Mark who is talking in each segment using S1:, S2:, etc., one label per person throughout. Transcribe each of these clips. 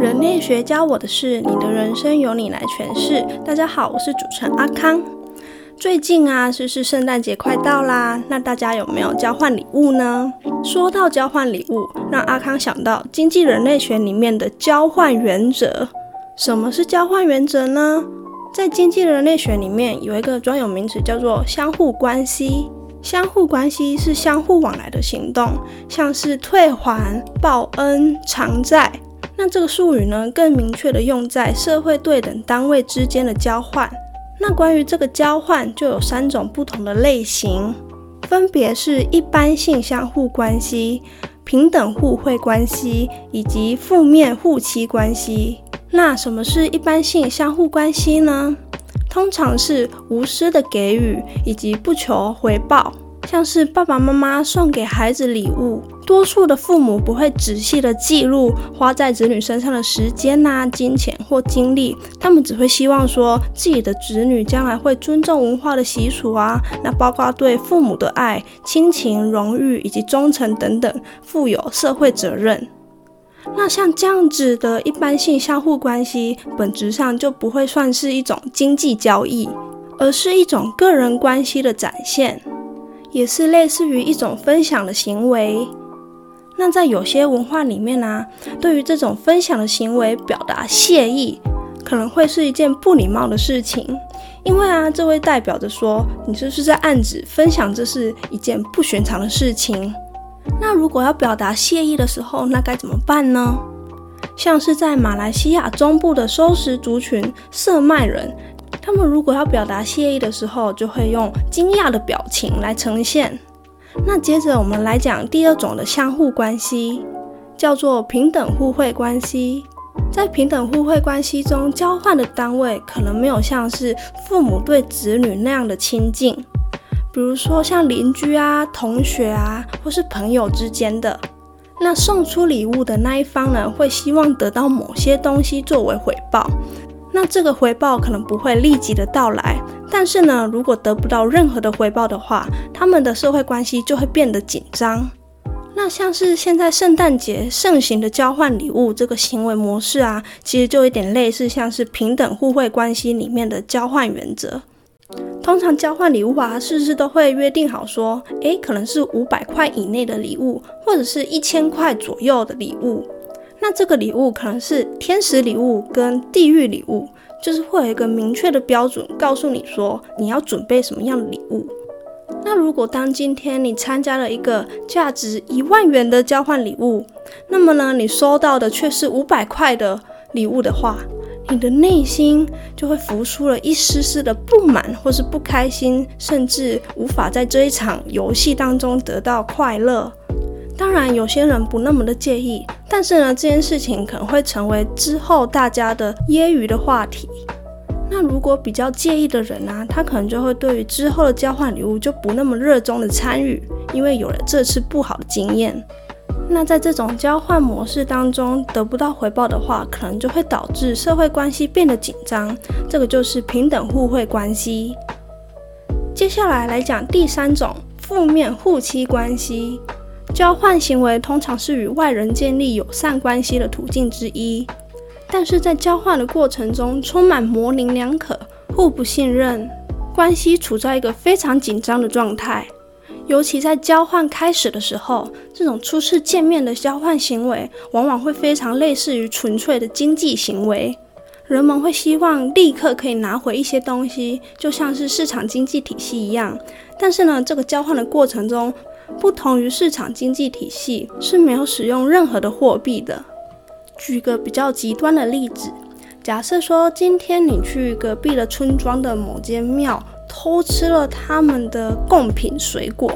S1: 人類學教我的事，你的人生由你來詮釋。大家好，我是主持人阿康。最近啊，是是聖誕節快到啦，那大家有沒有交換禮物呢？說到交換禮物，讓阿康想到經濟人類學裡面的交換原則。什麼是交換原則呢？在經濟人類學裡面有一個專有名詞叫做相互關係。相互關係是相互往來的行動，像是退還、報恩、償債。那這個術語呢，更明確地用在社會對等單位之間的交換。那關於這個交換，就有三種不同的類型，分別是一般性相互關係、平等互惠關係以及負面互欺關係。那什麼是一般性相互關係呢？通常是無私的給予以及不求回報。像是爸爸媽媽送給孩子禮物，多數的父母不會仔細地記錄花在子女身上的時間吶、啊、金錢或精力，他們只會希望說自己的子女將來會尊重文化的習俗啊，那包括對父母的愛、親情、榮譽以及忠誠等等，負有社會責任。那像這樣子的一般性相互關係，本質上就不會算是一種經濟交易，而是一種個人關係的展現。也是類似於一種分享的行為。那在有些文化裡面呢、啊，對於這種分享的行為表達謝意，可能會是一件不禮貌的事情，因為啊，這位代表着說你就是在暗指分享，這是一件不尋常的事情。那如果要表達謝意的時候，那該怎麼辦呢？像是在馬來西亞中部的收拾族群，色麥人。他們如果要表達謝意的時候，就會用驚訝的表情來呈現。那接着我們來講第二種的相互關係，叫做平等互惠關係。在平等互惠關係中，交換的單位可能沒有像是父母對子女那樣的親近，比如說像鄰居啊、同學啊，或是朋友之間的。那送出禮物的那一方呢，會希望得到某些東西作為回報。那這個回報可能不會立即的到來，但是呢，如果得不到任何的回報的話，他們的社會關係就會變得緊張。那像是現在聖誕節盛行的交換禮物這個行為模式啊，其實就有點類似像是平等互惠關係裡面的交換原則。通常交換禮物啊，是不是都會約定好說，哎，可能是五百塊以內的禮物，或者是一千塊左右的禮物。那這個禮物可能是天使禮物跟地獄禮物，就是會有一個明確的標準告訴你說你要準備什麼樣的禮物。那如果當今天你參加了一個價值一萬元的交換禮物，那麼呢，你收到的卻是五百塊的禮物的話，你的內心就會浮出了一絲絲的不滿或是不開心，甚至無法在這一場遊戲當中得到快樂。當然，有些人不那麼的介意。但是呢，這件事情可能會成為之後大家的揶揄的話題。那如果比較介意的人呢、啊，他可能就會對於之後的交換禮物就不那麼熱衷的參與，因為有了這次不好的經驗。那在這種交換模式當中得不到回報的話，可能就會導致社會關係變得緊張。這個就是平等互惠關係。接下來來講第三種負面互欺關係。交換行為通常是與外人建立友善關係的途徑之一，但是在交換的過程中充滿模棱兩可、互不信任，關係處在一個非常緊張的狀態。尤其在交換開始的時候，這種初次見面的交換行為往往會非常類似於純粹的經濟行為，人們會希望立刻可以拿回一些東西，就像是市場經濟體系一樣。但是呢，這個交換的過程中，不同於市場經濟體系是沒有使用任何的貨幣的。舉個比較極端的例子，假設說今天你去隔壁的村莊的某間廟偷吃了他們的貢品水果，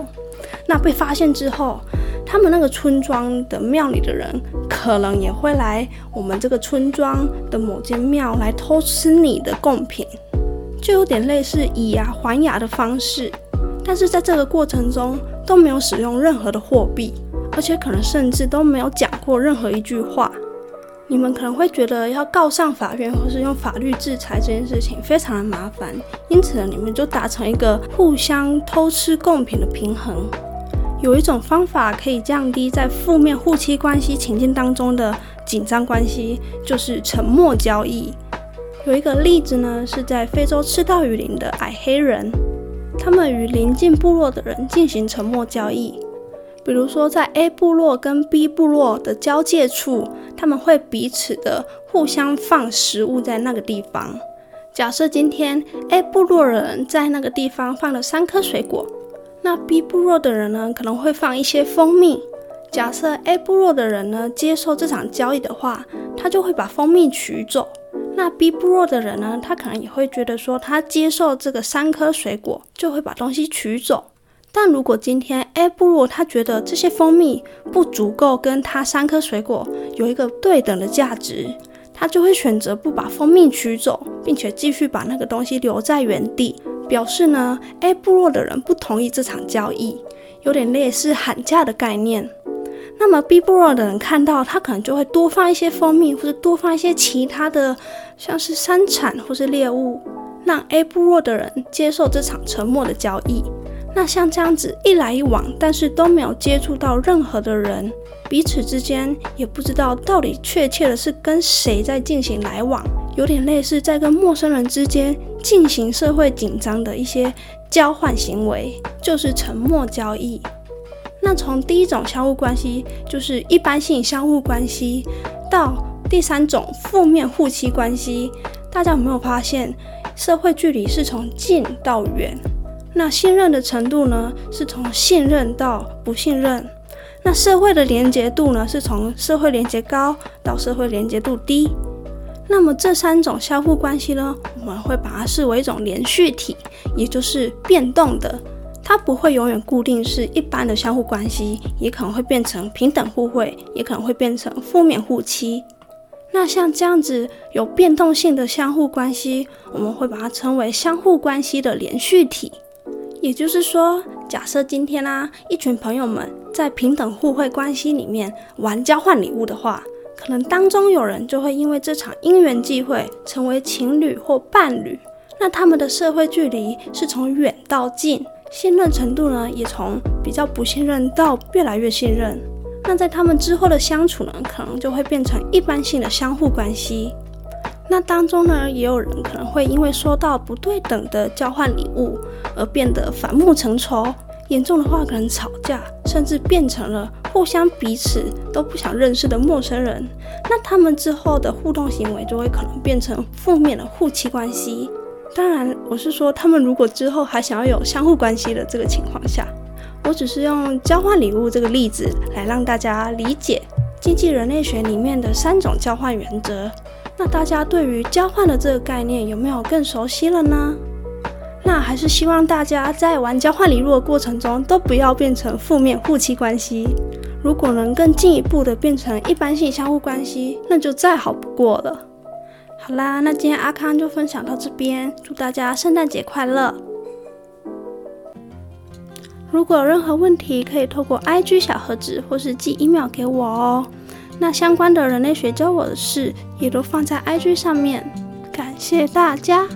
S1: 那被發現之後，他們那個村莊的廟裡的人可能也會來我們這個村莊的某間廟來偷吃你的貢品，就有點類似以牙還牙的方式。但是在這個過程中都沒有使用任何的貨幣，而且可能甚至都沒有講過任何一句話。你們可能會覺得要告上法院或是用法律制裁這件事情非常的麻煩，因此呢，你們就達成一個互相偷吃貢品的平衡。有一種方法可以降低在負面互欺關係情境當中的緊張關係，就是沉默交易。有一個例子呢是在非洲赤道雨林的矮黑人。他們與鄰近部落的人進行沉默交易，比如說在 A 部落跟 B 部落的交界處，他們會彼此的互相放食物在那個地方。假設今天 A 部落人在那個地方放了三顆水果，那 B 部落的人呢可能會放一些蜂蜜。假設 A 部落的人呢接受這場交易的話，他就會把蜂蜜取走。那 B 部落的人呢？他可能也會覺得說，他接受這個三顆水果就會把東西取走。但如果今天 A 部落他覺得這些蜂蜜不足夠跟他三顆水果有一個對等的價值，他就會選擇不把蜂蜜取走，並且繼續把那個東西留在原地，表示呢，A 部落的人不同意這場交易，有點類似喊價的概念。那麼 B 部落的人看到，他可能就會多放一些蜂蜜，或者多放一些其他的，像是山產或是獵物，讓 A 部落的人接受這場沉默的交易。那像這樣子一來一往，但是都沒有接觸到任何的人，彼此之間也不知道到底確切的是跟誰在進行來往，有點類似在跟陌生人之間進行社會緊張的一些交換行為，就是沉默交易。那從第一種相互關係，就是一般性相互關係，到第三種負面互欺關係，大家有沒有發現，社會距離是從近到遠？那信任的程度呢，是從信任到不信任？那社會的連接度呢，是從社會連接高到社會連接度低？那麼這三種相互關係呢，我們會把它視為一種連續體，也就是變動的。它不會永遠固定是一般的相互關係，也可能會變成平等互惠，也可能會變成負面互欺。那像這樣子有變動性的相互關係，我們會把它稱為相互關係的連續體。也就是說，假設今天啊，一群朋友們在平等互惠關係裡面玩交換禮物的話，可能當中有人就會因為這場因緣際會成為情侶或伴侶，那他們的社會距離是從遠到近。信任程度呢，也從比較不信任到越來越信任。那在他們之後的相處呢，可能就會變成一般性的相互關係。那當中呢，也有人可能會因為收到不對等的交換禮物而變得反目成仇，嚴重的話可能吵架，甚至變成了互相彼此都不想認識的陌生人。那他們之後的互動行為就會可能變成負面的互欺關係。當然，我是說他們如果之後還想要有相互關係的這個情況下，我只是用交換禮物這個例子來讓大家理解經濟人類學裡面的三種交換原則。那大家對於交換的這個概念有沒有更熟悉了呢？那還是希望大家在玩交換禮物的過程中都不要變成負面互欺關係。如果能更進一步的變成一般性相互關係，那就再好不過了。好啦，那今天阿康就分享到這邊，祝大家聖誕節快樂！如果有任何問題，可以透過 IG 小盒子或是寄 email 給我哦。那相關的人類學教我的事也都放在 IG 上面，感謝大家！